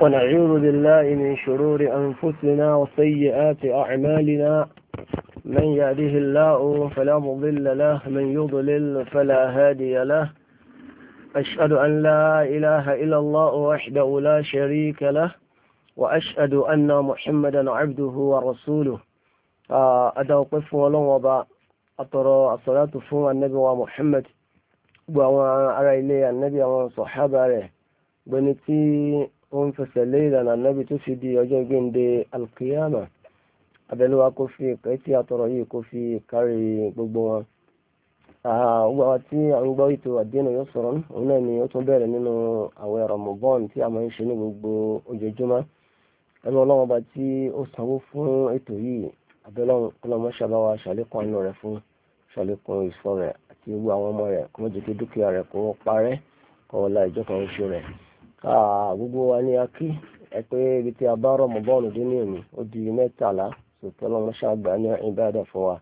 ونعوذ بالله من شرور أنفسنا وسيئات أعمالنا من يهده الله فلا مضل له من يضلل فلا هادي له أشهد أن لا إله إلا الله وحده لا شريك له وأشهد أن محمدا عبده ورسوله آه، قف ولن وضع أطر الصلاة فهو النبي ومحمد وعلى إليه النبي وصحابه بنتي ó ń fẹsẹ̀ lé ìlànà ànábì tó fi di ọjọ́ gbéǹde alkiyama abẹ́lúwa kó fi ìkẹ́ tí atọ̀rọ̀ yìí kó fi kárí gbogbo wọn. gbogbo àwọn tí a ń gbọ́ ètò àdínà yóò sọ̀rọ̀ òun náà ni ó tún bẹ̀rẹ̀ nínú àwọn ẹ̀rọ mọ̀bọ́n tí a máa ṣe ní gbogbo ojoojúmọ́ fún ètò yìí abẹ́lọ́run ṣàlékún gbogbo wa ni a kí ẹ pé ibi tí a bá Ramadan dé ní òní ó di mẹ́tàlá sọ̀tọ́ lọ́mọṣẹ́ àgbà ní ìbádà fún wa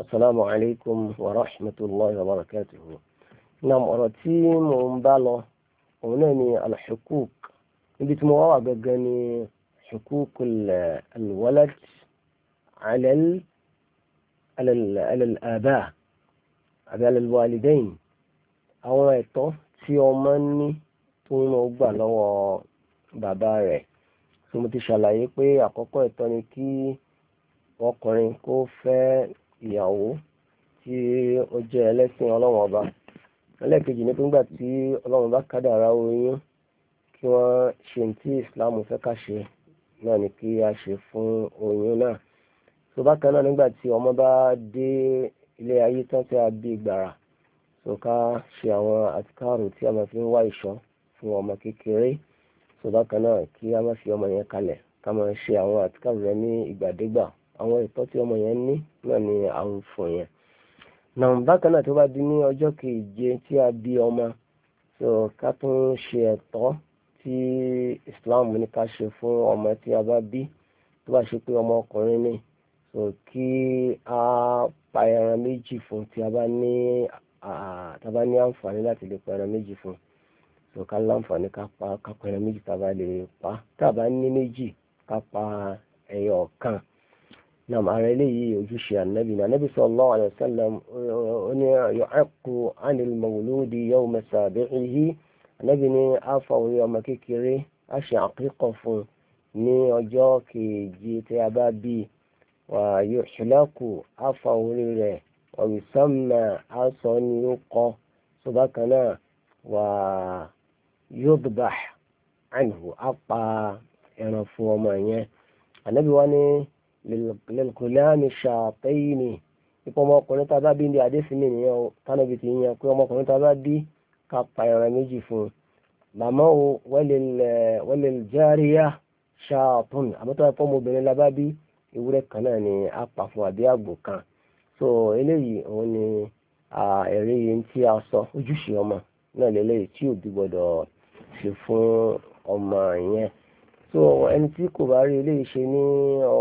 asalaamu alaykum wa rahmatulahi wa barakatuhu. nam ọ̀rọ̀ tí mo ń bá lọ òun náà ni alḥukuk níbi tí mo wá wà gẹ́gẹ́ ni hukukul alwalad alal alal aba àbí alal àwọn ẹ̀tọ́ tí ọmọ ní tó lọ gbà hmm. lọ́wọ́ bàbá rẹ̀ tí mo ti ṣàlàyé pé àkọ́kọ́ ẹ̀tọ́ ni kí ọkùnrin kó fẹ́ ìyàwó tí ó jẹ́ ẹlẹ́sìn ọlọ́run ọba ẹlẹ́ẹ̀kejì ni pé nígbà tí ọlọ́run bá kádàrá oyún kí wọ́n ṣe tí islam fẹ́ ká ṣe náà ni kí a ṣe fún oyún náà tó bákan náà nígbà tí ọmọ bá dé ilé ayé tán tí a bí gbàrà tó ká ṣe àwọn àtikáàrò tí a máa fi ń wá ìṣọ́ fún ọmọ kékeré tó bákan náà kí a má fi ọmọ yẹn kalẹ̀ ká máa ṣe àwọn àtikáàbù rẹ ní ìgbàdégbà àwọn ìtọ́ tí ọmọ yẹn ní náà ni à ń fún yẹn. náà bákan náà tó bá di ní ọjọ́ keje tí a bí ọmọ tó ká tún ṣe ẹ̀tọ́ tí Islam ní ká ṣe fún ọmọ tí a bá bí tó bá ṣe pé ọmọ ọkùnrin ni so kí a pa ẹran méjì fún tí a bá ní àǹfààní láti lè pa ẹran méjì fún un so ká láǹfààní ká pa ká pa ẹran méjì tàbá lè pa tàbá ní méjì ká pa ẹyọ ọ̀kan nam ara eléyìí ojúṣe ànábì ní ànábì sallallahu alaihi wasallam ó ní yu'aqqu 'anil mawludi yawma sabi'ihi ànábì ní àfa orí ọmọ kékeré á ṣe àkíkọ̀ fún ní ọjọ́ kejì tí a bá bí wa yuhlaku àfa orí rẹ̀ wa yusamma àsọ ni ó kọ́ sọ náà wàá yudbah anhu apá ẹran fún ọmọ yẹn ànábì wa ní lilkulani ṣàtẹ́yìnì ipò ọmọkùnrin tá a bá bí ní adésínì nìyẹn o tánàbì ti yan pé ọmọkùnrin tá a bá bí ká pa ẹran méjì fún un màmá o walil jariya ṣàtún àbótọ́ ẹ̀fọ́ ọmọbìnrin la bá bí ewúrẹ́ kan náà ni a pa fún àbí àgbò kan so eléyìí òun ni ẹ̀rí yìí tí a sọ ojúṣe ọmọ náà lélẹ́yìí tí òbí gbọ́dọ̀ ṣe fún ọmọ yẹn so ẹni tí kò bá rí eléyìí ṣe ní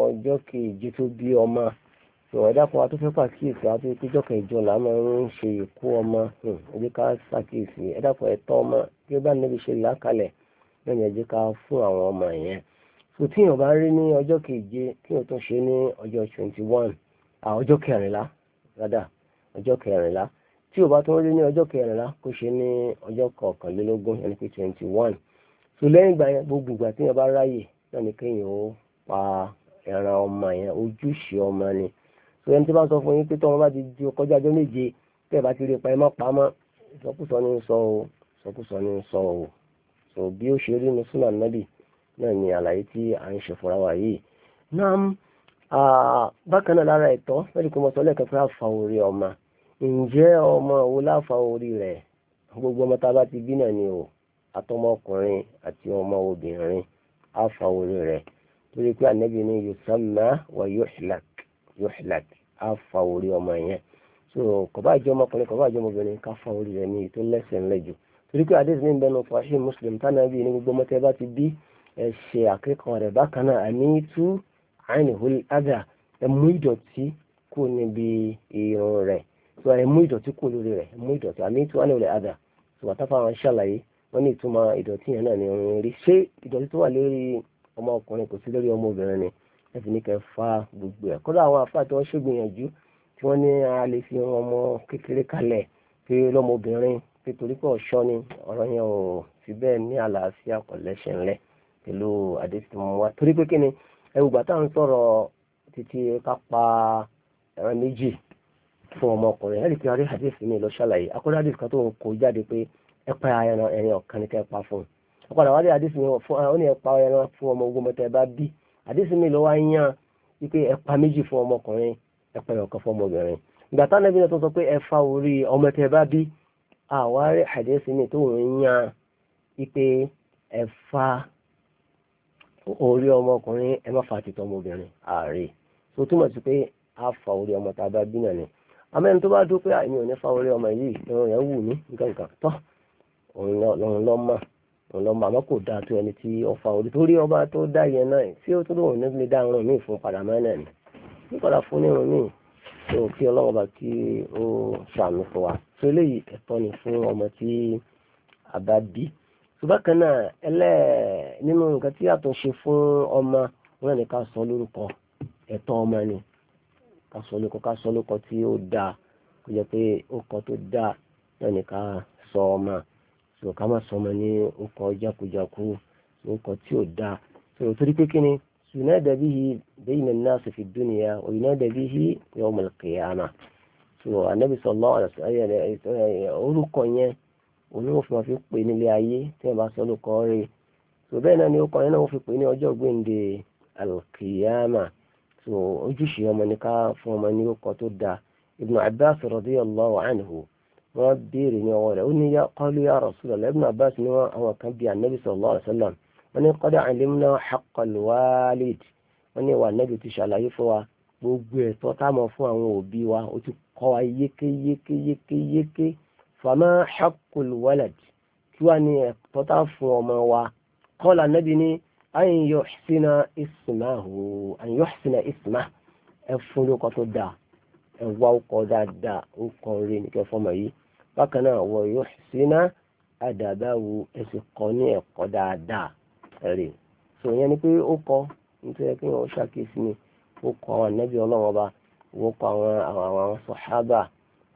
ọjọ́ kejì tó bí ọmọ ìwọ̀dà kan wa tó fẹ́ pàkíyèsí wa tó yẹ kíjọ́ kẹjọ là máa ń ṣe ìkó ọmọ hmm, ẹjẹ́ ká ṣàkíyèsí ẹ̀dá kan ẹ̀tọ́ ọmọ kí ó bá níbi ṣe làákàlẹ̀ lẹ́yìn ẹjẹ́ ká fún àwọn ọmọ yẹn so tí èèyàn bá rí ní ọjọ́ keje kí èèyàn tó ṣe ní ọjọ́ twenty one ọjọ́ kẹrìnlá rádà ọjọ́ kẹrìnlá tí o bá tún rí ní ọjọ́ kẹrìnlá kó ṣe ní ọjọ́ kọkànlélógún ẹni pé twenty one so lẹ́yìn ìgbà yẹn gbogbo ìgbà tí yẹn bá ráyè náà ni kéèyàn ó pa ẹran ọmọ yẹn ojúṣe ọmọ ni so ẹni tí bá sọ fún yín pé tọ́mọ bá ti di ọkọjá ọjọ́ méje tẹ́ ẹ bá ti rí ipa ẹ má pa mọ́ ìsọkúsọ ni sọ o ìsọkúsọ ni sọ o so bí ó ṣe rí ní súnà nábì náà ni àlàyé tí à ń ṣe fúnra wa yìí náà bákan náà lára ẹ̀tọ́ fẹ́ẹ́ ǹjẹ́ ọmọ wo láfa orí rẹ̀ gbogbo ọmọ tá a bá ti bí náà ni o àtọmọkùnrin àti ọmọ obìnrin àfa orí rẹ̀ torí pé ànábì ní yusamma wa yuhlak yuhlak àfa orí ọmọ yẹn so kò bá jẹ́ ọmọkùnrin kò bá jẹ́ ọmọbìnrin ká fa orí rẹ̀ ní ètò lẹ́sẹ̀ ńlẹ́jù torí pé àdéhùn ní ìbẹnu fàáṣí muslim tánàbí ní gbogbo ọmọ tẹ́ bá ti bí ẹ ṣe àkẹ́kọ̀ọ́ rẹ̀ bákan náà àní tú àìníhùn ádà ẹ mú ìdọ̀tí kù níbi irun rẹ̀ so ẹ mú ìdọ̀tí kù lórí rẹ̀ mú ìdọ̀tí àmì tí wọ́n ní olè àdà ṣùgbọ́n táfà wọn ṣàlàyé wọ́n ní ìtumọ̀ ìdọ̀tí yẹn náà ní irun rí ṣé ìdọ̀tí tó wà lórí ọmọkùnrin kò sí lórí ọmọbìnrin ni ẹ fi ní kẹ fa gbogbo ẹ̀ kódà àwọn àfáà tí wọ́n ṣègbìyànjú tí wọ́n ní a lè fi ọmọ kékeré kalẹ̀ pé lọ́mọbìnrin pé torí pé ọ̀ṣọ́ ni ọ̀rọ̀ yẹn ò fi bẹ́ẹ̀ ní àlàáfíà kọ̀lẹ́ṣẹ̀ ńlẹ̀ pẹ̀lú àdéhùn wa torí pé kí ni ẹ̀rù gbàtà ń sọ̀rọ̀ títí ká pa méjì fún ọmọkùnrin ẹ̀rí pé a rí hadith mi lọ ṣàlàyé akọ́dá hadith kan tó ń kó jáde pé ẹ pa ẹran ẹ̀rin ọ̀kan ní kẹ́ pa fún un ọ̀padà wá rí hadith mi ó ní ẹ pa ẹran fún ọmọ ogun mọ́tẹ́ ẹ bá bí hadith mi lọ wá ń yàn wípé ẹ pa méjì fún ọmọkùnrin ẹ pa ọ̀kan fún ọmọbìnrin ìgbà táwọn ẹbí náà tó sọ pé ẹ fa orí ọmọ tẹ́ bá bí àwa rí hadith mi tó ń yàn wípé ẹ fa orí ọmọkùnrin ẹ má fa títọ́ ọmọbìnrin ààrẹ tó túmọ̀ sí pé a fa orí ọmọ tá a bá bí náà ni amẹ́ni tó bá dúró pé àìní òní fa orí ọmọ yìí ẹ̀rọ yẹn wù mí nǹkan tán òun lọ́mọ òun lọ́mọ àmọ́ kò dáa tó ẹni tí ó fa orí torí ọba tó dá yẹn náà tí ó tó lóun ní lè dá irun míì fún padà mẹ́rin ni ní padà fún irun míì tó kí ọlọ́wọ́ bá kí ó ṣàmì fún wa tó eléyìí ẹ̀tọ́ ni fún ọmọ tí a bá bí ṣùgbọ́n kan náà ẹlẹ́ nínú nǹkan tí àtúnṣe fún ọmọ wọn ni ká sọ lórúkọ ẹ̀tọ́ ọmọ ni ká sọ lóko ká sọ lóko tí ó dáa kó jẹ́ pé ókọ tó dáa náà ká sọ ọmọ so ká má sọ ọmọ ní ókọ jákujáku ókọ tí ó dáa so torí pé kí ni yunada bihi bayna an-nas fi ad-dunya wa yunada bihi yawm al-qiyamah so anabi sallallahu alaihi wasallam orúkọ yẹn olówó fi máa fi pè nílé ayé tí wọn bá sọ lóko rẹ̀ so bẹ́ẹ̀ náà ni ó kọ yẹn náà wọn fi pè ní ọjọ́ gbẹǹde al so ojúṣe ọmọ ni ká fún ọmọ ní orúkọ tó dáa Ibn Abbas radiyallahu anhu wọ́n béèrè ní ọwọ́ rẹ̀ ó ní yá qalu ya Rasulullah Ibn Abbas ní wọn àwọn kan bíi anabi sallallahu alayhi wa sallam wọ́n ní qad alimna haqqal walid wọ́n ní ìwà anabi ti ṣàlàyé fún wa gbogbo ẹ̀tọ́ tá a mọ̀ fún àwọn òbí wa ó ti kọ́ wa yékéyékéyékéyéké fama haqqul walad kí wàá ní ẹ̀tọ́ tá a fún ọmọ wa qala anabi ní. an yuhsina ismahu an yuhsina ismahu ẹ fún lóko tó dáa ẹ wá ọkọ dáadáa ọkọ rí nìkẹ́ fọmọ yìí bákan náà wọ yuhsina adabahu ẹ sì kọ́ ní ẹ̀kọ́ dáadáa ẹ̀rẹ̀ sọ yẹn ni pé ó nítorí pé ṣàkíyèsí ni ó àwọn wọ́n àwọn àwọn sọ̀hábà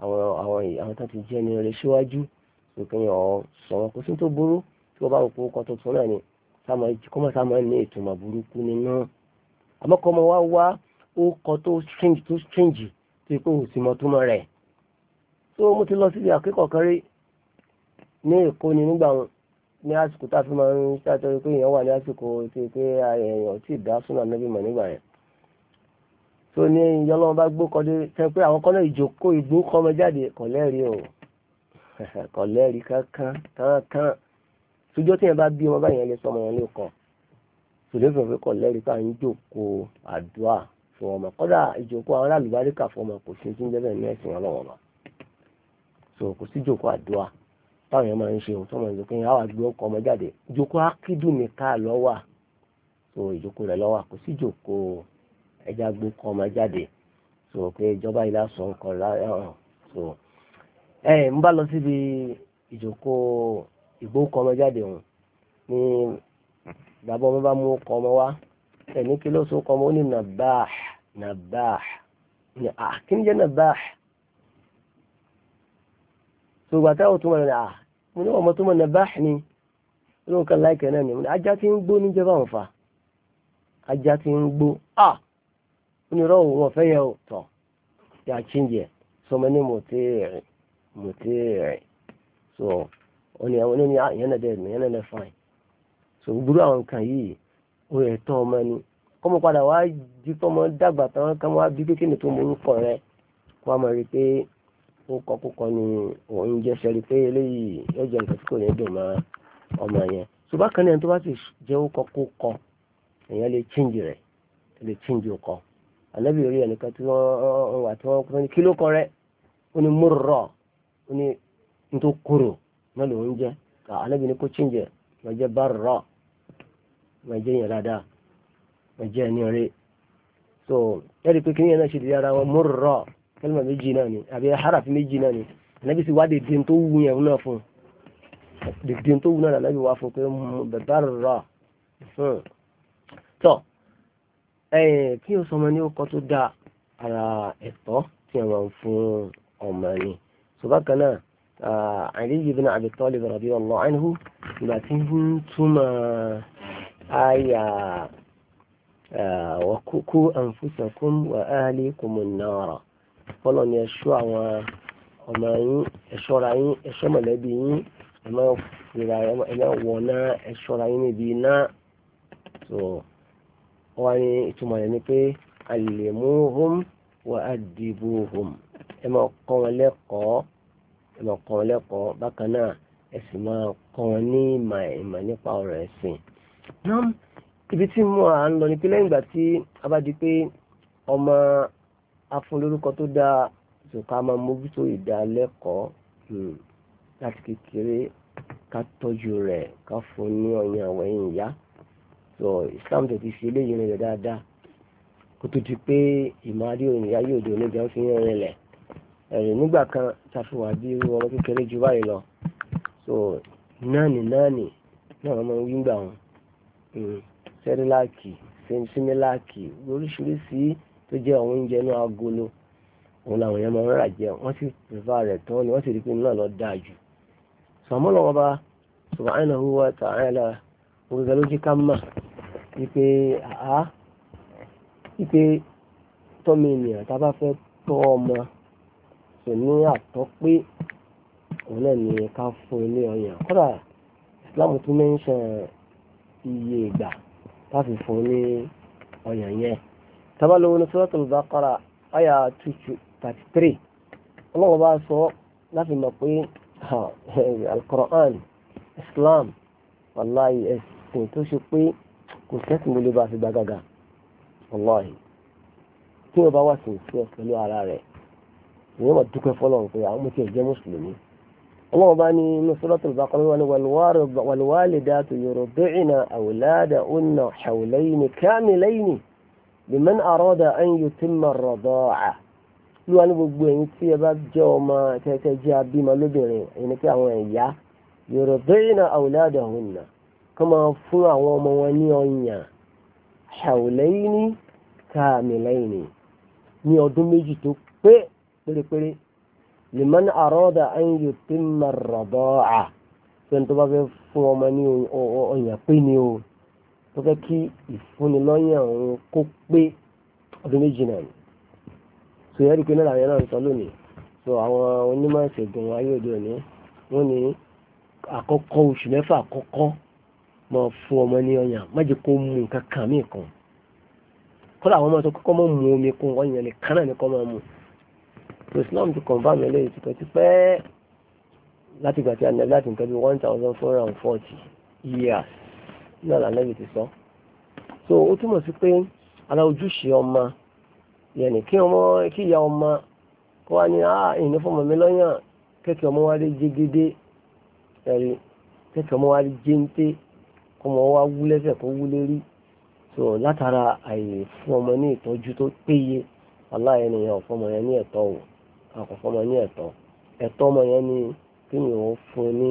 àwọn àwọn àwọn tó ti jẹ́ ní síwájú ọ̀ sọ̀rọ̀ sí tó kọ́mọ sáàmù ní ìtumọ̀ burúkú nínú àmọ́ kọ́mọ wá wá ó kọ tó strange tó strange tó ikú òsìmọ̀ túmọ̀ rẹ̀ tó mo ti lọ síbi àkẹ́kọ̀ọ́ kan rí ní èkó ni nígbà wọn ní àsìkò tá a fi máa ń ṣàtọ́jú pé èèyàn wà ní àsìkò tí pé èèyàn tí ì dá súnà níbi mọ̀ nígbà yẹn tó ní ìyọlọ́wọ́ bá gbó kọ́dé tẹ́ pé àwọn kọ́nà ìjókòó ìgbó kọ́mọ jáde kọ̀lẹ́rì o kọ̀lẹ́rì kankan kankan sójọ́ tí yẹn bá bí ọmọ báyìí yẹn lè sọmọ yẹn lè kàn sòlẹ́fẹ̀ fẹ́ kọ̀ lẹ́rìí ká ń jòkó àdúrà fún ọmọ kọ́dà ìjòkó àwọn aláàlúbáríkà fún ọmọ kò sí tí ń jẹ́ bẹ́ẹ̀ ní ẹ̀sìn ọlọ́wọ́n lọ so kò sí jòkó àdúrà táwọn yẹn máa ń ṣe òun tó máa ń jòkó yẹn á wà ọkọ ọmọ jáde jòkó akídùn nìkan lọ́wà so ìjòkó rẹ̀ lọ́wà kò sí jòkó ẹja gbé ọkọ ọmọ jáde so pé ìjọba ilé aṣọ nǹkan láyọ̀ so ẹ̀ ń bá lọ síbi ìjòkó ìgbó kọ́ ọmọ jáde òun ní bàbá ọmọ bá mú kọ́ ọmọ wá ẹni kí ló so kọ́ ọmọ ó ní nàbáà nàbáà ní à ah, kí ni jẹ́ nàbáà tó gbà táwọn tó ní à ah, mo ní ọmọ tó mọ̀ ni olóhùn kan láìkẹ́ náà ni ajá tí ń gbó níjọba òun fa ajá tí ń gbó à ah! ó ní rọ́ọ̀ wọn fẹ́ yẹ ò tọ̀ yà chíńjẹ sọmọ ní mọ̀tẹ́ẹ̀rẹ̀ mọ̀tẹ́ẹ̀rẹ̀ so wọ́n ní àwọn oníyàn ìyẹn náà dẹ́rù ìyẹn náà so burú àwọn nǹkan yìí ó yẹ tán ọmọ ni kọ́mọ padà wá jí tọ́mọ dàgbà tán ká wá bí kékeré tó morúkọ rẹ kó wá mọ̀ rí pé ó kọ́ kókọ́ ni òun jẹ́ sẹ́rí pé eléyìí yóò jẹ́ nǹkan tí kò ní dùn mọ́ ọmọ yẹn so bákan náà tó bá sì jẹ́ ó kọ́ kókọ́ èèyàn lè chíǹjì rẹ̀ lè chíǹjì ọkọ̀ ànábì orí ẹnìkan tí wọ́n wà tí wọ́n kí ló kọ́ rẹ̀ ó ní múrò ó ní ntòkòrò má lòun jẹ́ kà anábì ní kó chíǹjẹ̀ má jẹ́ bárọ̀ má jẹ́ yẹn dáadáa má jẹ́ ẹni rí so ẹ̀rí pé kíní náà ṣe di ara wọn múrọ̀ kẹlẹ́mà méjì náà ni àbí harafi méjì náà ni anábì sì wá dèdè tó wù yẹn náà fún dèdè tó wù náà anábì wá fún pé bárọ̀ hmm. tọ́ kí o sọmọ ní ọkọ tó dáa ara ẹ̀tọ́ tí a máa ń fún ọmọ ni so bákan náà Ali ibn Abi Talib radiyallahu anhu ìgbà tí ń túmọ̀ àyà wa qu anfusakum wa ahlikum nara fọlọ́ ni ẹ̀ṣọ́ àwọn ọmọ yín ẹ̀ṣọ́ra yín ẹ̀ṣọ́ mọ̀lẹ́bí yín ẹ̀mọ́ ìra ẹ̀mọ́ wọ̀nà ẹ̀ṣọ́ra yín níbi iná tó wọ́n ní ìtumọ̀ rẹ̀ ni pé allimuhum wa adibuhum ẹ̀mọ́ kọ́ wọn lẹ́kọ̀ọ́ ẹ̀mọ̀ kan lẹ́kọ̀ọ́ bákan náà ẹ̀sìn máa kọ́ wọn ní ìmọ̀ ìmọ̀ nípa ọ̀rọ̀ ẹ̀sìn. náà ibi tí mo à ń lọ ni pé lẹ́yìn ìgbà tí a bá di pé ọmọ afúnlórúkọ tó dáa ṣùkà máa mójútó ìdálẹ́kọ̀ọ́ hmm, láti kékeré ká tọ́jú rẹ̀ ká fún ní ọyàn àwọn ẹ̀yìn ìyá so Islam tẹ̀ ti fi eléyìí rìn rẹ̀ dáadáa kó tó di pé ìmọ̀ adé òyìnbá yóò di oníjà ń fi yàn rìn rẹ̀ ẹ̀yìn nígbà kan tafiwà bí irú ọmọ kékeré ju báyìí lọ so náàni náàni náà wọ́n máa ń wí gbà wọn sẹ́ríláàkì hmm, símíláàkì oríṣiríṣi tó jẹ́ àwọn oúnjẹ inú agolo òun làwọn èèyàn máa ń rà jẹ wọ́n sì pèfà rẹ̀ tán ni wọ́n sì rí pé náà lọ dáa jù sàmọ́ lọ́wọ́ bá subhanahu wa ta'ala òrùka ló jẹ́ ká mà wípé àá wípé tọ́mọ ènìyàn tá a bá fẹ́ tọ́ ọmọ sọ ní àtọ́ pé òun náà ní ká fún ilé ọyàn kódà Islam tún mẹ́ńṣẹ̀ iye ìgbà láti fún ní ọyàn yẹn tábà lóhun ní Suratul Baqara àyà tútù thirty three ọlọ́wọ́ bá sọ láti mọ̀ pé Al-Qur'an Islam wàláyé ẹ̀sìn tó ṣe pé kò sẹ́sìn mo lè bá a fi gbàgàgà wàláyé tí wọ́n bá wà sí ìfẹ́ pẹ̀lú ara rẹ̀ ìyẹn wà dúpẹ́ fọlọ́run pé àwọn mọ̀tí ẹ̀jẹ̀ mùsùlùmí ọlọ́run bá ní inú suratul Baqara wọn ni walwalidatu yurdi'na awladahunna hawlayni kamilayni liman arada an yutimma ar-rida'a lúwa ní gbogbo ẹ̀yin tí ẹ bá jẹ́ ọmọ tẹ́tẹ́ jẹ́ abímọ lóbìnrin ẹni pé àwọn ẹ̀yà yurdi'na awladahunna ní ọyàn hawlayni pérépéré lèmọ́nì àrọ́dà ayé tí mà rọ̀dọ́ à fẹ́ni tó bá fẹ́ fún ọmọ ní ọyàn pé ni o tó fẹ́ kí ìfúnnilọ́yàn òun kó pé ọdún méjì náà so yẹ́rì pé náà làwọn náà ń sọ lónìí so àwọn onímọ̀ ìṣègùn ayé òde òní wọ́n ní àkọ́kọ́ oṣù mẹ́fà àkọ́kọ́ máa fún ọmọ ní ọyàn má jẹ́ kó mu nǹkan kan mí kan kọ́lá àwọn ọmọ tó kọ́kọ́ mọ́ mu omi kún ọyàn nìkan náà nìkan máa mu so Islam ti confam eléyìí tipẹ́tipẹ́ láti gbà tí a nẹ láti nǹkan bí one thousand four hundred and forty years náà lànàbì ti sọ so ó túmọ̀ sí pé ara ojúṣe ọmọ yẹn ni kí ọmọ kí ìyá ọmọ kó wá ní à ah, ìní fọmọ mi lọ́yàn kẹ́kẹ́ ọmọ wa lè jégédé ẹ̀rí kẹ́kẹ́ ọmọ wa lè jéńté kọmọ wa wú lẹ́sẹ̀ kó wú lérí so látara àyè fún ọmọ ní ìtọ́jú tó péye aláìníyàn fọmọ yẹn ní ẹ̀tọ́ wò àkọ́kọ́ ọmọ ní ẹ̀tọ́ ẹ̀tọ́ ọmọ yẹn ni kéèyàn ó fún ní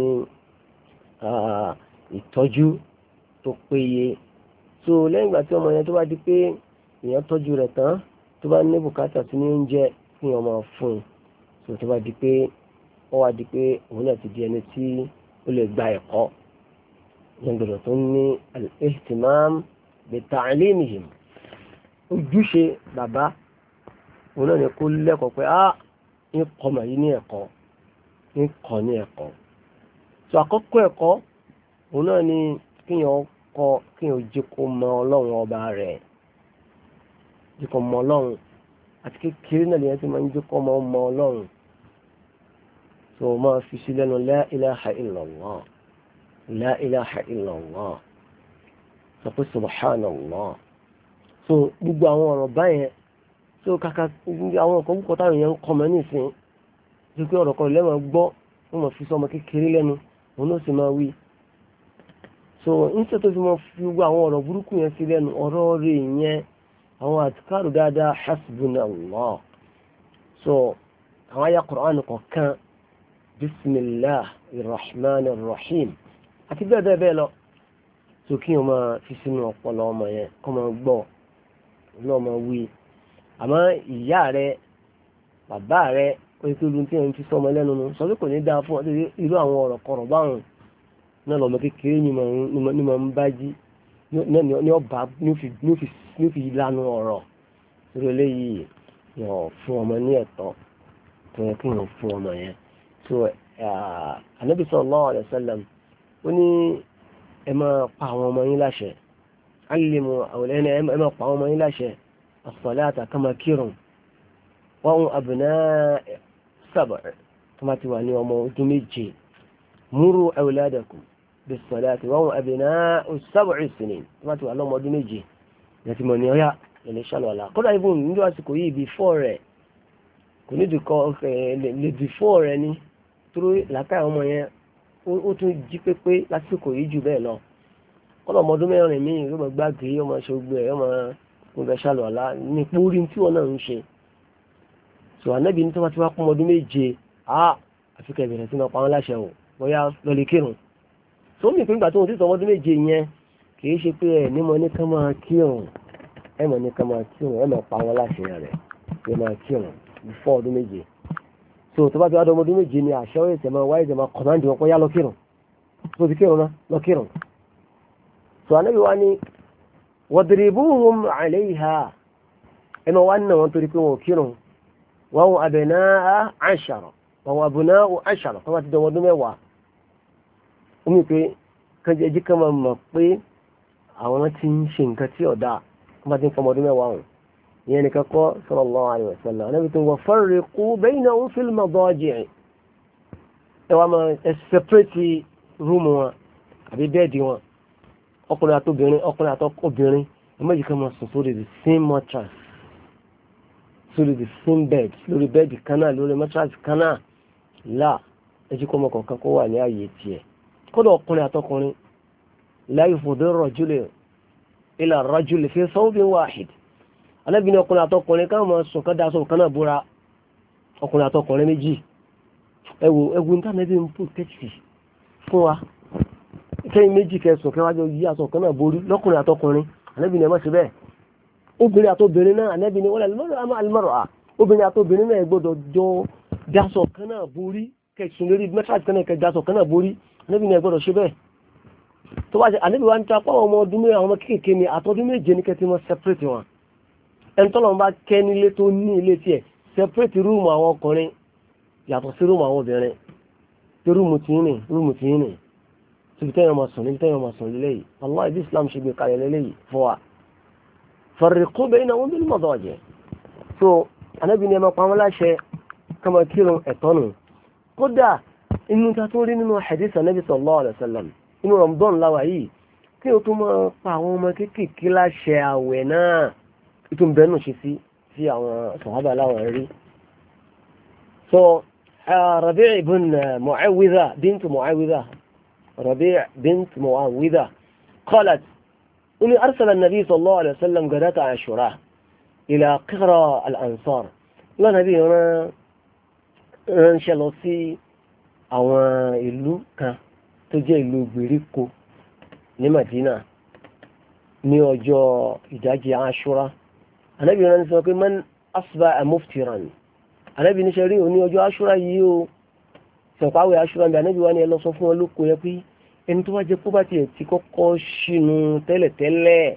ìtọ́jú tó péye so lẹ́yìn ìgbà tí ọmọ yẹn tó bá di pé èèyàn tọ́jú rẹ̀ tán tó bá ní bùkátà sí ní oúnjẹ kéèyàn máa fún un so tó bá di pé ó wá di pé òun náà ti di ẹni tí ó lè gba ẹ̀kọ́ yẹn gbọdọ̀ tó ní al-ihtimam ojúṣe bàbá òun náà ni kó lẹ́kọ̀ọ́ pé ah ń kọmọ yìí ní ẹ̀kọ́ ń kọ ní ẹ̀kọ́ tó àkọ́kọ́ ẹ̀kọ́ òun náà ni kíyàn kọ kíyàn jí kó mọ ọlọ́run ọba rẹ̀ jí kó mọ ọlọ́run àti kékeré náà lèyàn ti máa ń jí kó mọ ọmọ ọlọ́run tó o máa fi sí lẹ́nu la ilaha illallah la ilaha illallah sọ pé subhanallah so gbogbo àwọn ọ̀rọ̀ báyẹn so kàkà àwọn ọ̀kan púpọ̀ táwọn èèyàn ń kọmọ nísìn ju pé ọ̀rọ̀ kan lẹ́wọ̀n gbọ́ wọn mọ̀ fi sọmọ kékeré lẹ́nu òun náà sì máa wí so níṣẹ́ tó fi mọ fi gbogbo àwọn ọ̀rọ̀ burúkú yẹn sí lẹ́nu ọ̀rọ̀ rẹ̀ yẹn àwọn àtikárù dáadáa hasbunallah so àwọn ayé Qur'an kọ̀ọ̀kan bismillah irrahman irrahim àti bẹ́ẹ̀ bẹ́ẹ̀ bẹ́ẹ̀ lọ so kí wọ́n máa fi sínú ọpọlọ ọmọ yẹn kọ́ máa gbọ́ lọ́ọ́ àmọ́ ìyá rẹ bàbá rẹ oye pé olùtí ẹ̀ ń fi sọmọ lẹ́nu nu sọ pé kò ní dáa fún ọ irú àwọn ọ̀rọ̀ kọ̀rọ̀ báwọn náà lọ́mọ kékeré ni mo ń bá jí ní ọba ní fi lanu ọ̀rọ̀ irú eléyìí yàn fún ọmọ ní ẹ̀tọ́ tó yẹ kí yàn fún ọmọ yẹn so anabi sallallahu alaihi wasallam ó ní ẹ máa pa àwọn ọmọ yín láṣẹ alẹ́ mu àwọn ẹ máa pa àwọn ọmọ yín láṣẹ as-salata kama kírun wọ́n ń abùnà sábà tó máa ti wà ní ọmọ ọdún méje múrú awladakum bis-salati wọ́n ń abùnà sábà sinin tó máa ti wà lọ́mọ ọdún méje láti mọ̀ ní ọ̀yà lẹ́lẹ́ ṣàlọ́lá kódà ibùn ní àsìkò yìí before rẹ̀ kò ní dùkọ́ lè before rẹ̀ ni tóró làákàyà ọmọ yẹn ó tún jí pépé lásìkò yìí jù bẹ́ẹ̀ lọ ọlọ́mọdún mẹ́rin mi yóò máa gbàgbé yóò máa ṣe gbé ẹ̀ yóò máa mo fẹ́ ṣàlọ́ àlá ní pórí tí wọ́n náà ń ṣe so ànábì ní tó bá ti wá pọ́n ọdún méje á àfikẹ́ ìbẹ̀rẹ̀ sí máa pa wọ́n láṣẹ o bóyá lọ́lẹ̀ kírun tó mì pé ìgbà tó ń ti sọ ọdún méje yẹn kì í ṣe pé ẹ̀ ní mo ká máa kírun ẹ̀ ní ká máa kírun ẹ̀ pa wọ́n láṣẹ rẹ̀ ẹ̀ máa kírun fún ọdún méje so tó bá ti wá dọ́mọdún méje ni àṣẹ ẹ̀sẹ̀ máa wáyé ẹ̀sẹ̀ máa kọ̀máǹdì wọn pé yá lọ kírun tó ti kírun náà lọ kírun so ànábì wá ní wadribuhum alayha ẹnu wa nà wọn torí pé wọn ò kírun wọn wọn abna'a ashara wọn wọn abna'u ashara wọn ti dọwọ́ ọdún mẹ́wàá omi pé kájẹ́ ẹjí kan máa mọ̀ pé àwọn ti ń ṣe nǹkan tí ọ̀dà wọn bá ti ń fọmọ ọdún mẹ́wàá wọn ìyẹn nìkan kọ́ sallallahu alaihi wasallam Ànábì tó ń wọ farriqu bainahum fil ọkùnrin àtobìnrin ọkùnrin àtọkọbìnrin méjì kan máa sùn sórí the same mattress sórí the same bed lórí bẹ́ẹ̀dì kan náà lórí mattress kan náà là ẹjí kọ́ ọmọkọ̀ọ̀kan kó wà ní ààyè tiẹ̀ ọkùnrin àtọkùnrin láyé fòdó rọ̀júlẹ̀ ilà rọ̀júlẹ̀ fi sọ́wọ́bí wáhid alábìnrin ọkùnrin àtọkùnrin káwọn máa sùn kán dáṣọ kan náà ọkùnrin méjì ẹwù ẹwù ní tàbí ń pò fún wa kẹ́yìn méjì kẹsùn kẹ́ wájú yí aṣọ kan náà borí lọ́kùnrin àtọkùnrin ànábì ni ẹ má ṣe bẹ́ẹ̀ obìnrin àtobìnrin náà ànábì ni wọ́n alimọ́rọ̀ à obìnrin àtobìnrin náà gbọ́dọ̀ jọ daṣọ kan náà borí kẹsùn lórí mẹ́tàlì kan náà kẹ daṣọ kan náà borí ànábì ni ẹ gbọ́dọ̀ ṣe bẹ́ẹ̀ tó bá ṣe ànábì wa ń ta pọ́ ọmọ ọdún mẹ́rin separate wọn ẹni tọ́lọ́ bá kẹ́ separate rúùmù àwọn ọkùnrin yàtọ̀ sí rúùmù àwọn obìnrin pé rúùmù tìyín ibi tẹ́yàn máa sùn níbi tẹ́yàn máa sùn lélẹ́yìí allah ibi islam ṣe gbé kalẹ̀ lélẹ́yìí fún wa farriqu bainahum bil madaji' so anábì ni ẹ máa pa wọn láṣẹ ká máa kírun ẹ̀tọ́ nù kódà inú ta tó rí nínú hadith anábì sallallahu alayhi wa sallam inú ramadan láwa yìí kí o tó máa pa àwọn ọmọ kéékèèké láṣẹ àwẹ̀ náà sí sí àwọn sàhábà láwọn rí so Rabi' ibn Mu'awidha bint Mu'awidha ربيع بنت معاوذة قالت إني أرسل النبي صلى الله عليه وسلم غداة عشرة إلى قرى الأنصار لا نبي هنا إن شاء الله سي أو إلو كان تجي إلو بريكو ní Madina ní ọjọ́ ìdájí aṣúra anábìnrin sọ pé man asba muftiran anábìnrin ṣe rí òní ọjọ́ aṣúra tẹ̀páwé aṣọ́nàbí anábì wá ní ẹ lọ sọ fún wọn lóko yẹ pé ẹni tó bá jẹ kó bá tiẹ̀ ti kọ́kọ́ ṣìnú tẹ́lẹ̀tẹ́lẹ̀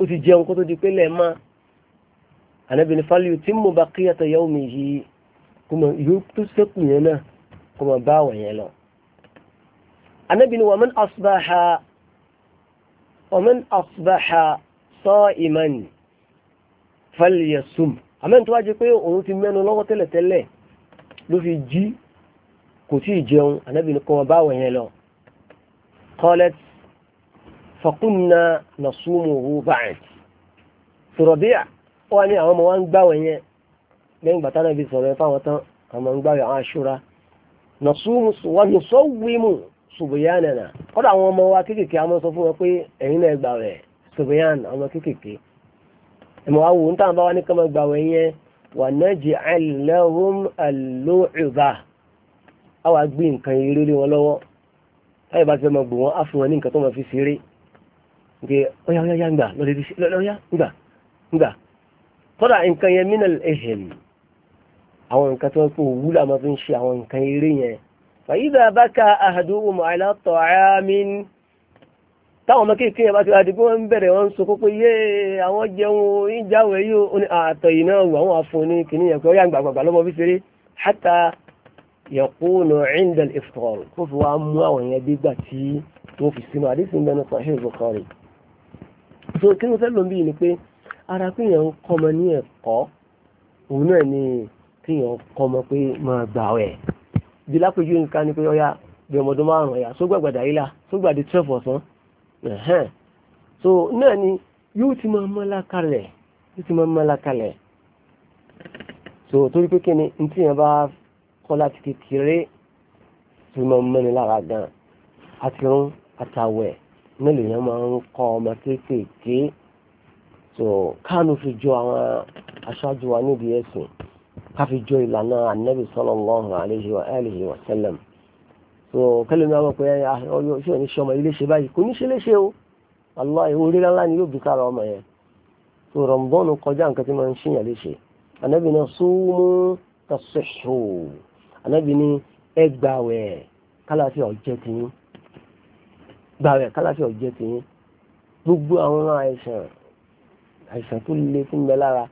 ó ti jẹun kó tó di pé lẹ́ẹ̀ma anábì ní fálíù tí mo bá kíyàtà yàwó mi yìí kó mọ yóò tó sẹ́kù yẹn náà kó mọ bá wọ̀ yẹn lọ. anábì ní wàmán asbaha wàmán asbaha sa'iman falyasum àmọ́ ní tó bá jẹ pé òun ti mẹ́nu lọ́wọ́ tẹ́lẹ̀tẹ́lẹ̀ ló fi jí kò tí ì jẹun ànábì ní kọ́ wọn báwọn yẹn lọ. qalat fakunna nasumuhu ba'd Rabi'a wà ní àwọn ọmọ wa ń gbáwọn yẹn lẹ́yìn bàtà náà fi sọ̀rọ̀ ẹ̀ fáwọn tán àwọn ń gbáwọn àwọn aṣọra nasumu wa nusawimu subuyanana kọ́dà àwọn ọmọ wa kéékèèké àwọn sọ fún wọn pé ẹ̀yin náà gbà rẹ̀ subuyan kéékèèké ẹ̀mọ̀ wa wò ń tàn bá wa ní kọ́mọ gbà wẹ̀ yẹn wa naj'al lahum al-lu'ba á wá gbé nǹkan eré lé wọn lọ́wọ́ táyì bá ti fẹ́ máa gbò wọ́n á fún wọn ní nǹkan tó máa fi ṣeré nke ọyá ọyá ọyá ngbà lọ́dẹ bí ọyá ngbà ngbà kọ́dà nǹkan yẹn mínà ẹ̀hẹ̀m àwọn nǹkan tó ń pò wúlò àmọ́ fi ń ṣe àwọn nǹkan eré yẹn fàyídà bá ka àdúgbò mọ̀ọ́lá tọ̀ táwọn ọmọ kéèké yẹn bá ti adìgbò wọn bẹ̀rẹ̀ wọn sọ pé yé àwọn jẹun ìjáwé yóò àtọ̀ yìí náà wù àwọn afọ ní kìnìyàn pé ó yà gbàgbàgbà lọ́mọ fi ṣeré hátà يقول عند الإفطار كف وأموا ويبيبتي tó fi sínú àdísìn mẹ́nu Sahih na so kí ló fẹ́ ń bí ni pé ara pé ń kọ́mọ ní ẹ̀kọ́ òun náà ni kí kọ́mọ pé máa gbà ẹ̀ bí lápẹjú nǹkan ni pé ọya bí ọmọ márùn-ún ẹ̀yà twelve ọ̀sán so náà ni yóò ti máa yóò ti máa so torí pé kí ni kọ́ láti kékeré tí mo mẹ́ni lára gan àti rún àtàwẹ̀ mélòó yẹn máa ń kọ́ ọmọ kéékèèké tó káànù fi jọ àwọn aṣáájú wa níbi ẹ̀sìn ká fi jọ ìlànà ànábì sallallahu alaihi wa alihi wa sallam tó kẹ́lẹ́ mi àwọn pé ah, ṣé ò ní ṣe ọmọ ilé ṣe báyìí kò ní ṣe léṣe o aláì orí ńlá ni yóò bí kára ọmọ yẹn tó rọ̀mbọ́ọ̀nù kọjá nǹkan tí wọ́n ń ṣìyàn léṣe ànábì náà súnmú tasihhu ànábì ní ẹ gbàwẹ̀ kálàfíà ọ̀jẹ́ tìyín gbàwẹ̀ kálàfíà ọ̀jẹ́ tìyín gbogbo àwọn àìsàn àìsàn tó le fún mi lára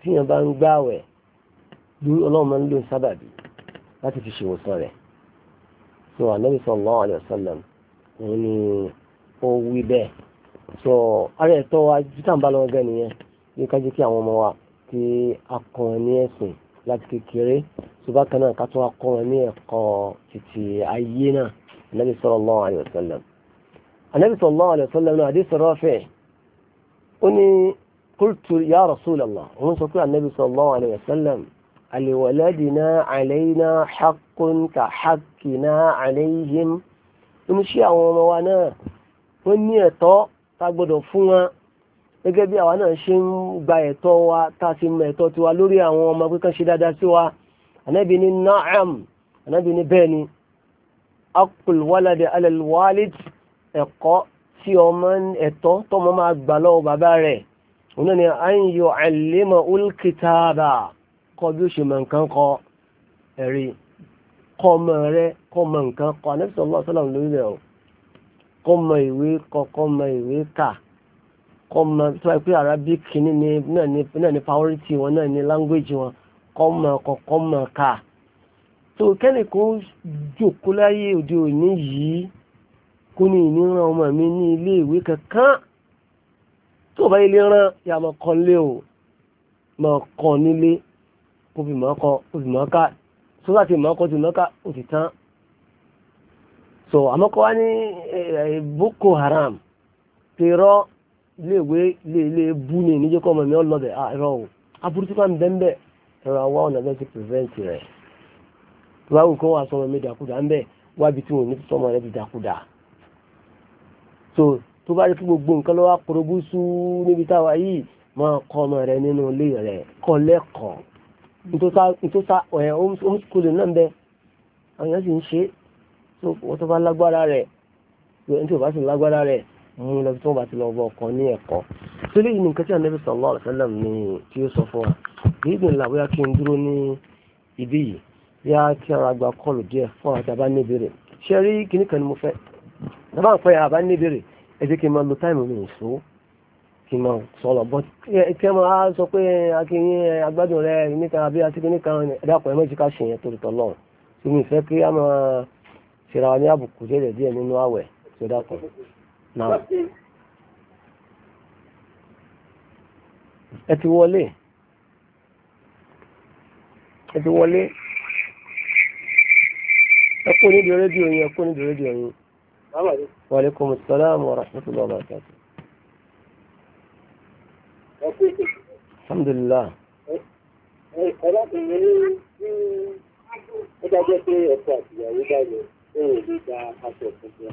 tíyàn bá ń gbàwẹ̀ bí ọlọ́run máa ń lò sábàbí láti fi ṣèwòsàn rẹ̀ so ànábì sallallahu alaihi wasallam òun ni ó wí bẹ́ẹ̀ so ara ẹ̀tọ́ wa jítàǹbá lọ́wọ́ gẹ́ nìyẹn bí ká jẹ́ kí àwọn ọmọ wa kí a ẹ̀sìn láti kékeré tó bá kan náà ká tó wá kọ́ wọn ní ẹ̀kọ́ títí ayé náà anabi sallallahu alayhi wa sallam anabi sallallahu alayhi wa sallam náà hadith Rafi' ó ní qultu ya rasulallah òun sọ pé anabi sallallahu alayhi wa sallam aliwaladina alayna haqqun ka haqqina alayhim ó ní ṣé àwọn ọmọ wa náà wọ́n ní ẹ̀tọ́ tá gbọ́dọ̀ fún wọn gẹ́gẹ́ bí àwa náà ṣe ń gba ẹ̀tọ́ wa tá a sì mọ ẹ̀tọ́ tiwa lórí àwọn ọmọ pé ṣe dáadáa sí wa ànábì ní naam ànábì ní bẹ́ẹ̀ ni akul walade walid ẹ̀kọ́ tí ọmọ ẹ̀tọ́ tọmọ máa gbà lọ́wọ́ bàbá rẹ̀ òun náà ni an yu'allimahul kitaba kọ́ bí ó ṣe mọ nǹkan kọ ẹ̀rí kọ́ ọmọ rẹ kọ́ ọmọ nǹkan kọ ànábì sallallahu alaihi lórí rẹ̀ o kọ́ ọmọ ìwé kọ́ kọ́ ọmọ ìwé kà kọ́ mọ tó wáyé pé arabic ní ni, náà ni, priority wọn náà ni, language wọn kọ́ mọ kọ́kọ́ mọ ká tó kẹ́nìkan jòkó láyé òde òní yìí kó ni, ìníran ọmọ mi ní ilé ìwé kankan tó bá ilé rán ya mọ kọ́ nílé o mọ kọ́ nílé kó fi mọ́ kọ́ kó fi mọ́ ká tó bá ti mọ́ kọ́ ti mọ́ ká ó ti tán so àmọ́ kọ́ wá ní eh, eh, Boko Haram ti rọ́ iléèwé ilé ilé bú ni níjẹ́ kọ́ ọmọ mi ọlọ́bẹ̀ àìrọ̀ o aburú tí wọ́n ń bẹ́ńbẹ́ ẹ̀rọ àwọn ọ̀nà bẹ́ẹ̀ ti prevent rẹ̀ láwùn kan wà sọmọ mi dàkúdà ń bẹ̀ wábi tí wọn ò ní sọmọ rẹ̀ ti dàkúdà so tó bá rí kí gbogbo nǹkan lọ́wọ́ akọ̀rọ̀bù sú níbi táwa yìí máa kọ́ ọmọ rẹ̀ nínú ilé rẹ̀ kọ́ lẹ́kọ̀ọ́ nítòsá ẹ̀ homeschooling náà ń bẹ àwọn èèyàn sì ń ṣe é tó wọ́n òun lọ bí tí wọ́n bá ti lọ bọ ọkàn ní ẹ̀kọ́ tí lè ní nǹkan tí ànábì sallallahu alaihi wasallam ni tí ó sọ fún wa kì í gbìn là bóyá kí n dúró ní ibi yìí bí a kí ara gba kọlù díẹ̀ fún àwọn àtàbá ní ìbéèrè ṣe rí kíní kan ni mo fẹ́ dábàá pé àbá ní ìbéèrè ẹ jẹ́ kí n máa lo táìmù mi ìṣó kí n máa sọ lọ bọ́ kí ẹ máa sọ pé akínyìn agbádùn rẹ níkan àbí asíkíní kan ẹ̀dá ọ̀pọ̀ ẹ̀mẹ́jì ẹ ti wọlé ẹ ti wọlé ẹ kú nídìí rédíò yín ẹ kú nídìí rédíò yín. wa alaikum assalam wa rahmatullahi wa barakatuh. alhamdulillah. ẹ láti ní ní dájọ́ pé ẹ̀kọ́ àtìyàwó báyìí ó lè gba aṣọ òfin fún wa.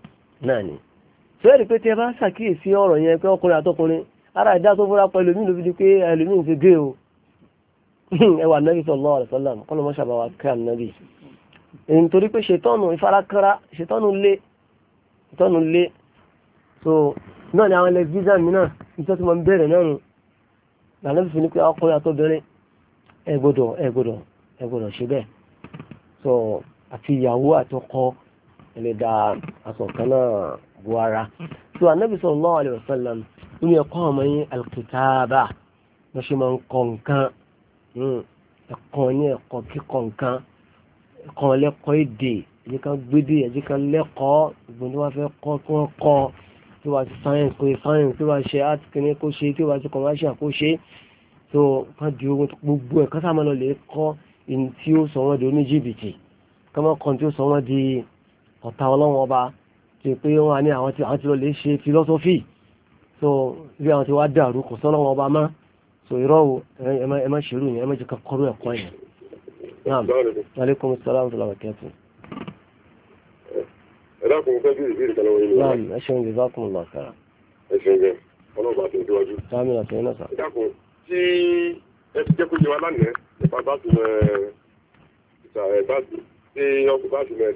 náà ni fẹ́ẹ̀rì pé tí ẹ bá ṣàkíyèsí ọ̀rọ̀ yẹn pé ọkùnrin àtọkùnrin ara ìdá tó fúnra pẹ̀lú mi ló fi di pé ẹlòmíì fi gé o ẹwà nàbì sallallahu alaihi wasallam kọ́nà mọ́ṣà bá wa kẹ́ ànábì nítorí pé ṣètọ́nù ìfarakánra ṣètọ́nù lé ṣètọ́nù lé so náà ni àwọn ilẹ̀ visa mìíràn iṣẹ́ tí mo ń bẹ̀rẹ̀ náà nù lànàbì fi ni pé ọkùnrin àtọbìnrin ẹ gbọ́dọ̀ ẹ gbọ́dọ̀ ẹ gbọ́dọ̀ ṣe bẹ́ẹ̀ so àti ìyàwó àti ọkọ ẹni da aṣọ kan náà bu ara tó anabi sallallahu alaihi wasallam ó ní ẹ̀kọ́ ọmọ yín alkitaba wọ́n ṣe máa ń kọ nǹkan hmm. ẹ̀kọ́ ní ẹ̀kọ́ kíkọ nǹkan ẹ̀kọ́ lẹ́kọ́ èdè ẹ̀jẹ̀ kan gbédè ẹ̀jẹ̀ kan lẹ́kọ́ ìgbìmọ̀ tí wọ́n fẹ́ kọ́ kí wọ́n kọ́ tí wọ́n ti science kò ṣe science tí wọ́n ṣe art kìíní kó ṣe tí wọ́n ti commercial kó ṣe tó wọ́n di ogun gbogbo ẹ̀ kọ́sà kọ́ ìní tí ó sọ wọ́n di oníjìbìtì kọ́mọ́kan tí ó sọ wọ́n di ọ̀tá ọlọ́run ọba ti pé wọ́n ní àwọn tí àwọn ti lọ lè ṣe philosophy so bí àwọn ti wá dàrú kò sọ́lọ́run ọba mọ́ so irọ́ wo ẹ má ṣerú yẹn ẹ má jẹ́ ká kọ́rú ẹ̀kọ́ yẹn. naam aleykum salaam wa rahmatulahi. ẹ dákun fẹ́ bí ìbéèrè kan lọ́wọ́ yín. naam ẹ ṣeun jẹ bákun lọ kára. ẹ ṣeun jẹ ọlọ́ọ̀bà tó ń tẹ́wájú. sáàmì àtẹ̀yìn náà sà. ẹ dákun tí ẹ ti jẹ́ kó yẹ wa bá tún ẹ bá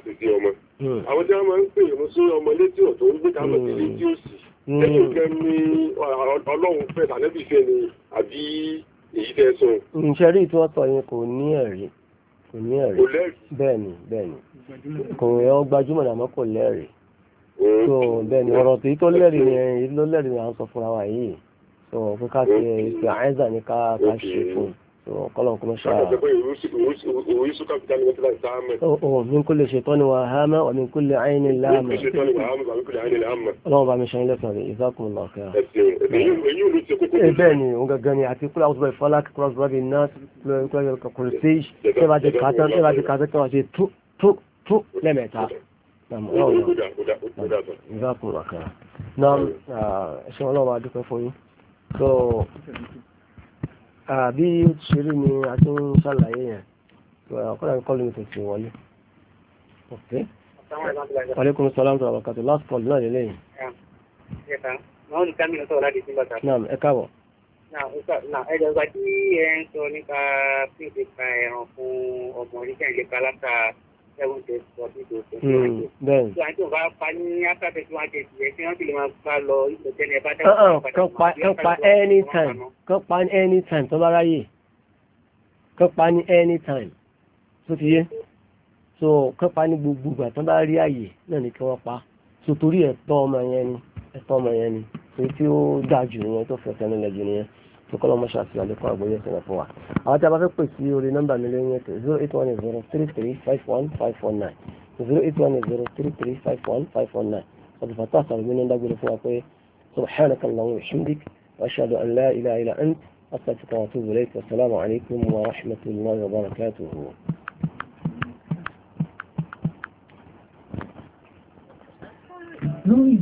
ṣe ọmọ. Hmm. àwọn tí wọ́n máa ń pè mú sí ọmọ létí ọ̀tọ̀ ń gbé kámọ̀ hmm. sí létí òsì hmm. lẹ́yìn kẹ́ ní ọlọ́run fẹ́ tàbí fẹ́ ni àbí èyí tẹ́ sọ. ǹṣẹ́ rí tí wọ́n sọ yẹn kò ní ẹ̀rí kò ní ẹ̀rí bẹ́ẹ̀ ni bẹ́ẹ̀ ni kò yẹ ọ gbajúmọ̀ àmọ́ kò lẹ́rìí so bẹ́ẹ̀ ni ọ̀rọ̀ tí tó lẹ́rìí ni èyí ló lẹ́rìí ni à ń sọ fúnra wa yìí so fún ká ṣe ìṣe àìsàn kọ́lọ̀n kọ́mọ́ ṣáà ọ̀hún min kulli shaytani wa hama wa min kulli ayni láàmà ọlọ́run bá mi ṣe ilẹ̀ sọ̀rọ̀ jazakumullahu khairan eh, bẹ́ẹ̀ ni òun gangan ni àti kúlọ̀ àwọn ti kàtà tẹ́bà ti kàtà tẹ́bà náà ṣe ah, ọlọ́run adúpẹ́ fún yín àbí ṣeré ni a ti ń ṣàlàyé yẹn ọ̀kọ́dà ń kọ́lù mi kò sì wọlé ọ̀fẹ́ aleykum salaam tó àbàkàtò last call náà lélẹ́yìn. naam ẹ káàbọ̀. ẹjọ́ ìgbà tí ẹ ń sọ nípa pípípa ẹran fún ọmọ oníkẹ́ńlẹ́pàá látà seven days for two days for two days. bẹ́ẹ̀ so àti òbá pa ní after twenty one days wọ́n ti lè máa pa lọ ìgbẹ́jẹ́ ní ẹ̀bá dáhùn. kàn pa kàn pa anytime kàn pa anytime tó bá ráyè kàn pa ní anytime tó ti yé so kàn pa ní gbogbo ìgbà tó bá rí àyè náà ni kí wọ́n pa so torí ẹ̀tọ́ ọmọ yẹn ni ẹ̀tọ́ ọmọ yẹn ni èyí tí ó dáa jù nìyẹn tó fẹsẹ̀ nílẹ̀ jù nìyẹn. kọ́lọ́ mọ́ṣá sí àlékún àgbóyè sẹ̀rẹ̀ fún wa. àwọn tí a bá fẹ́ pèsè sí orí nọ́mbà mi lóyún ètò zero eight one zero three three five one five four nine zero eight one zero three three five one five four nine ọ̀dùn fàtà sàrùmí ní dágbére fún wa pé subhanaka allahumma wa bihamdik wa ashhadu an la ilaha illa ant astaghfiruka wa atubu ilayk wa assalamu alaykum wa rahmatullahi wa barakatuhu. lórí